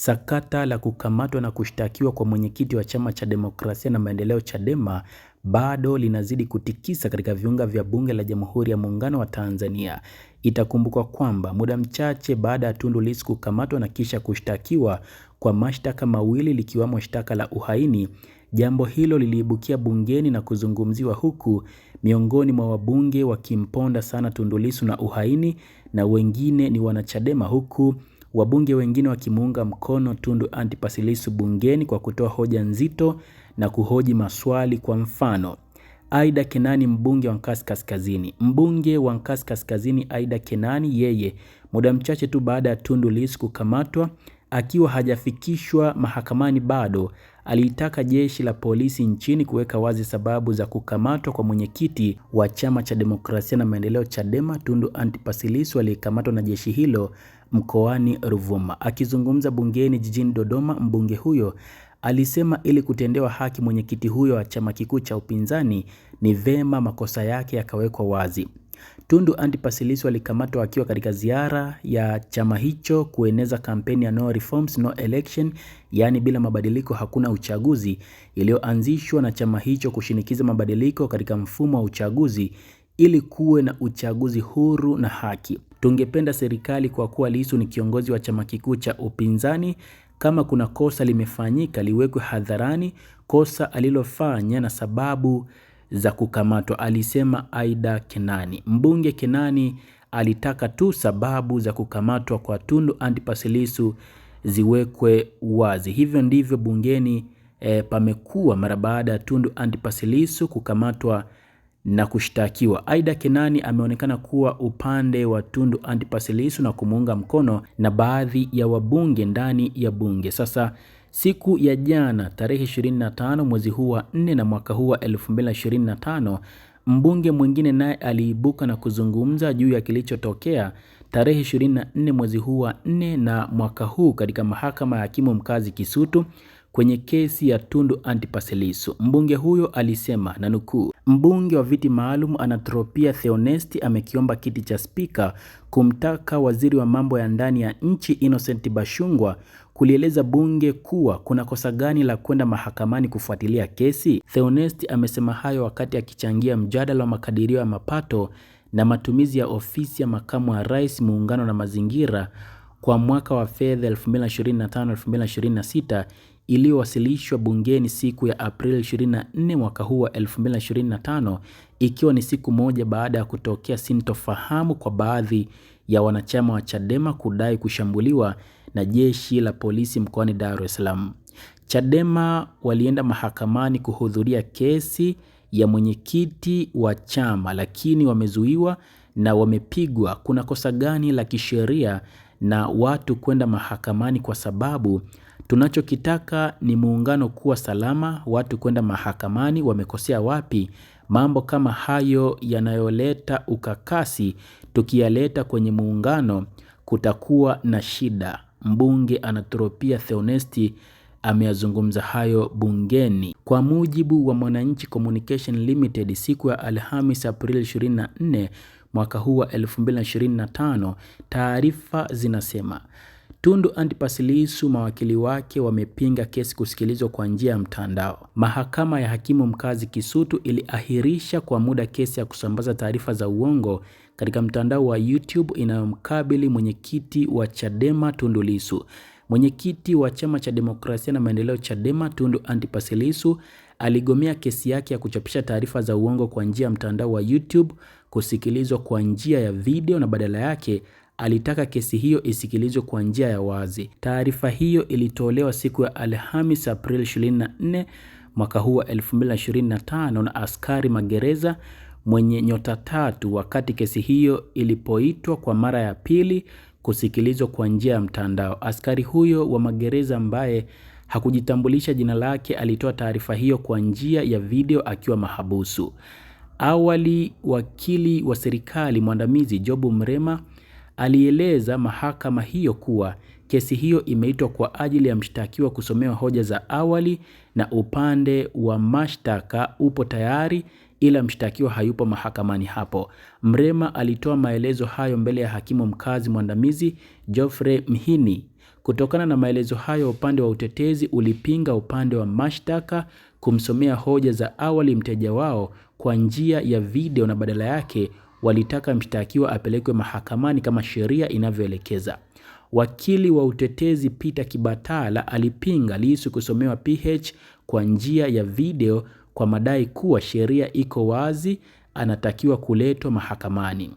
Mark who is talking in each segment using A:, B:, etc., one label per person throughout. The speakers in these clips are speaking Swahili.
A: Sakata la kukamatwa na kushtakiwa kwa mwenyekiti wa chama cha demokrasia na maendeleo Chadema bado linazidi kutikisa katika viunga vya bunge la Jamhuri ya Muungano wa Tanzania. Itakumbukwa kwamba muda mchache baada ya Tundu Lissu kukamatwa na kisha kushtakiwa kwa mashtaka mawili likiwamo shtaka la uhaini, jambo hilo liliibukia bungeni na kuzungumziwa huku miongoni mwa wabunge wakimponda sana Tundu Lissu na uhaini, na wengine ni wanachadema huku wabunge wengine wakimuunga mkono Tundu Antipas Lissu bungeni kwa kutoa hoja nzito na kuhoji maswali. Kwa mfano, Aida Kenani, mbunge wa Nkasi Kaskazini, mbunge wa Nkasi Kaskazini Aida Kenani, yeye muda mchache tu baada ya Tundu Lissu kukamatwa akiwa hajafikishwa mahakamani bado aliitaka jeshi la polisi nchini kuweka wazi sababu za kukamatwa kwa mwenyekiti wa chama cha demokrasia na maendeleo Chadema Tundu Antipas Lissu aliyekamatwa na jeshi hilo mkoani Ruvuma. Akizungumza bungeni jijini Dodoma, mbunge huyo alisema ili kutendewa haki mwenyekiti huyo wa chama kikuu cha upinzani ni vema makosa yake yakawekwa wazi. Tundu Antipas Lissu alikamatwa akiwa katika ziara ya chama hicho kueneza kampeni ya no reforms no election, yaani bila mabadiliko hakuna uchaguzi, iliyoanzishwa na chama hicho kushinikiza mabadiliko katika mfumo wa uchaguzi ili kuwe na uchaguzi huru na haki. Tungependa serikali kwa kuwa Lissu ni kiongozi wa chama kikuu cha upinzani, kama kuna kosa limefanyika liwekwe hadharani, kosa alilofanya na sababu za kukamatwa, alisema Aida Kenani. Mbunge Kenani alitaka tu sababu za kukamatwa kwa Tundu Antipas Lissu ziwekwe wazi. Hivyo ndivyo bungeni e, pamekuwa mara baada ya Tundu Antipas Lissu kukamatwa na kushtakiwa. Aida Kenani ameonekana kuwa upande wa Tundu Antipas Lissu na kumuunga mkono na baadhi ya wabunge ndani ya bunge. Sasa siku ya jana tarehe 25 mwezi huu wa 4 na mwaka huu wa 2025 mbunge mwingine naye aliibuka na kuzungumza juu ya kilichotokea tarehe 24 mwezi huu wa 4 na mwaka huu katika mahakama ya hakimu mkazi Kisutu kwenye kesi ya Tundu Antipas Lissu. Mbunge huyo alisema na nukuu, mbunge wa viti maalum Anatropia Theonesti amekiomba kiti cha spika kumtaka waziri wa mambo ya ndani ya nchi Innocent Bashungwa kulieleza bunge kuwa kuna kosa gani la kwenda mahakamani kufuatilia kesi. Theonesti amesema hayo wakati akichangia mjadala wa makadirio ya mapato na matumizi ya ofisi ya makamu wa rais, muungano na mazingira kwa mwaka wa fedha 2025/2026 iliyowasilishwa bungeni siku ya Aprili 24 mwaka huu wa 2025 ikiwa ni siku moja baada ya kutokea sintofahamu kwa baadhi ya wanachama wa Chadema kudai kushambuliwa na jeshi la polisi mkoani Dar es Salaam. Chadema walienda mahakamani kuhudhuria kesi ya mwenyekiti wa chama lakini wamezuiwa na wamepigwa. Kuna kosa gani la kisheria na watu kwenda mahakamani kwa sababu Tunachokitaka ni muungano kuwa salama, watu kwenda mahakamani wamekosea wapi. Mambo kama hayo yanayoleta ukakasi, tukiyaleta kwenye muungano kutakuwa na shida. Mbunge Anatropia Theonesti ameyazungumza hayo bungeni. Kwa mujibu wa Mwananchi Communication Limited, siku ya Alhamis Aprili 24 mwaka huu wa 2025, taarifa zinasema Tundu Antipas Lissu mawakili wake wamepinga kesi kusikilizwa kwa njia ya mtandao. Mahakama ya hakimu mkazi Kisutu iliahirisha kwa muda kesi ya kusambaza taarifa za uongo katika mtandao wa YouTube inayomkabili mwenyekiti wa Chadema Tundu Lissu. Mwenyekiti wa chama cha demokrasia na maendeleo Chadema Tundu Antipas Lissu aligomea kesi yake ya kuchapisha taarifa za uongo kwa njia ya mtandao wa YouTube kusikilizwa kwa njia ya video na badala yake alitaka kesi hiyo isikilizwe kwa njia ya wazi. Taarifa hiyo ilitolewa siku ya Alhamis, april 24 mwaka huu wa 2025 na askari magereza mwenye nyota tatu wakati kesi hiyo ilipoitwa kwa mara ya pili kusikilizwa kwa njia ya mtandao. Askari huyo wa magereza ambaye hakujitambulisha jina lake alitoa taarifa hiyo kwa njia ya video akiwa mahabusu. Awali, wakili wa serikali mwandamizi Jobu Mrema Alieleza mahakama hiyo kuwa kesi hiyo imeitwa kwa ajili ya mshtakiwa kusomewa hoja za awali na upande wa mashtaka upo tayari ila mshtakiwa hayupo mahakamani hapo. Mrema alitoa maelezo hayo mbele ya hakimu mkazi mwandamizi Geoffrey Mhini. Kutokana na maelezo hayo, upande wa utetezi ulipinga upande wa mashtaka kumsomea hoja za awali mteja wao kwa njia ya video na badala yake walitaka mshtakiwa apelekwe mahakamani kama sheria inavyoelekeza. Wakili wa utetezi Peter Kibatala alipinga Lissu kusomewa PH kwa njia ya video kwa madai kuwa sheria iko wazi, anatakiwa kuletwa mahakamani.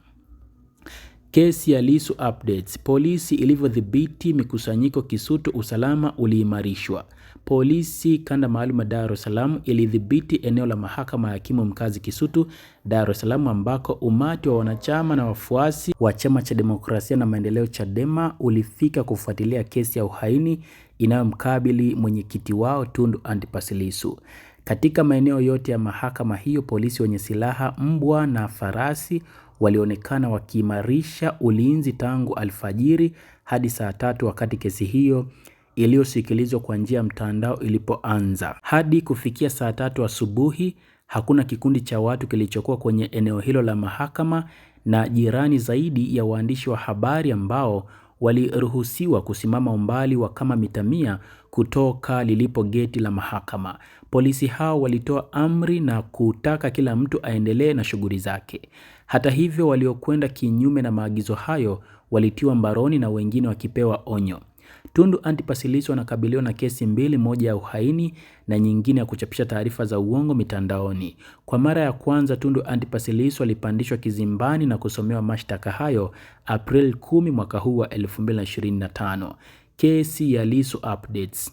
A: Kesi ya Lissu updates. Polisi ilivyodhibiti mikusanyiko Kisutu, usalama uliimarishwa. Polisi kanda maalum ya Dar es Salaam ilidhibiti eneo la mahakama ya hakimu mkazi Kisutu, Dar es Salaam, ambako umati wa wanachama na wafuasi wa chama cha demokrasia na maendeleo CHADEMA ulifika kufuatilia kesi ya uhaini inayomkabili mwenyekiti wao Tundu Antipas Lissu. Katika maeneo yote ya mahakama hiyo, polisi wenye silaha, mbwa na farasi walionekana wakiimarisha ulinzi tangu alfajiri hadi saa tatu wakati kesi hiyo iliyosikilizwa kwa njia ya mtandao ilipoanza. Hadi kufikia saa tatu asubuhi, hakuna kikundi cha watu kilichokuwa kwenye eneo hilo la mahakama na jirani zaidi ya waandishi wa habari ambao waliruhusiwa kusimama umbali wa kama mita mia kutoka lilipo geti la mahakama. Polisi hao walitoa amri na kutaka kila mtu aendelee na shughuli zake. Hata hivyo, waliokwenda kinyume na maagizo hayo walitiwa mbaroni na wengine wakipewa onyo. Tundu Antipas Lissu anakabiliwa na kesi mbili, moja ya uhaini na nyingine ya kuchapisha taarifa za uongo mitandaoni. Kwa mara ya kwanza, Tundu Antipas Lissu alipandishwa kizimbani na kusomewa mashtaka hayo April 10 mwaka huu wa 2025. Kesi ya Lissu Updates.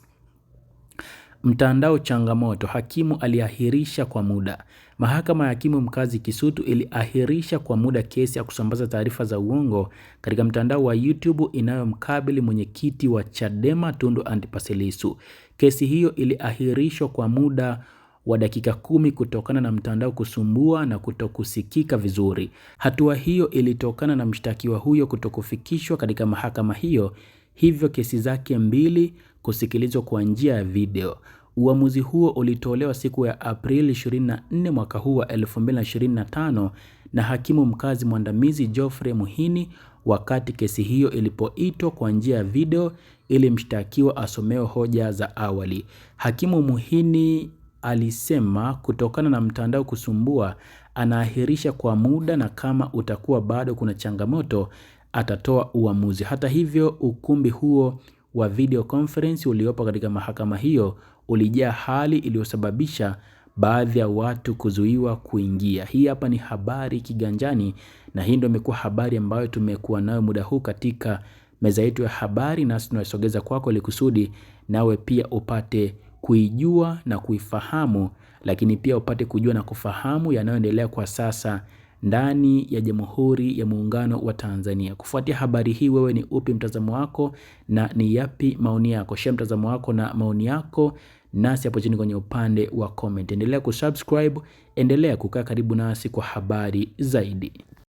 A: Mtandao changamoto: hakimu aliahirisha kwa muda. Mahakama ya hakimu mkazi Kisutu iliahirisha kwa muda kesi ya kusambaza taarifa za uongo katika mtandao wa YouTube inayomkabili mwenyekiti wa Chadema Tundu Antipas Lissu. Kesi hiyo iliahirishwa kwa muda wa dakika kumi kutokana na mtandao kusumbua na kutokusikika vizuri. Hatua hiyo ilitokana na mshtakiwa huyo kutokufikishwa katika mahakama hiyo, hivyo kesi zake mbili kusikilizwa kwa njia ya video. Uamuzi huo ulitolewa siku ya Aprili 24 mwaka huu wa 2025 na hakimu mkazi mwandamizi Geoffrey Muhini wakati kesi hiyo ilipoitwa kwa njia ya video ili mshtakiwa asomewe hoja za awali. Hakimu Muhini alisema kutokana na mtandao kusumbua, anaahirisha kwa muda na kama utakuwa bado kuna changamoto atatoa uamuzi. Hata hivyo, ukumbi huo wa video conference uliopo katika mahakama hiyo ulijaa hali iliyosababisha baadhi ya watu kuzuiwa kuingia. Hii hapa ni habari kiganjani, na hii ndio imekuwa habari ambayo tumekuwa nayo muda huu katika meza yetu ya habari, nasi tunaisogeza kwako ili kusudi nawe pia upate kuijua na kuifahamu, lakini pia upate kujua na kufahamu yanayoendelea kwa sasa ndani ya Jamhuri ya Muungano wa Tanzania. Kufuatia habari hii, wewe ni upi mtazamo wako na ni yapi maoni yako? Share mtazamo wako na maoni yako nasi hapo chini kwenye upande wa comment. Endelea kusubscribe, endelea kukaa karibu nasi kwa habari zaidi.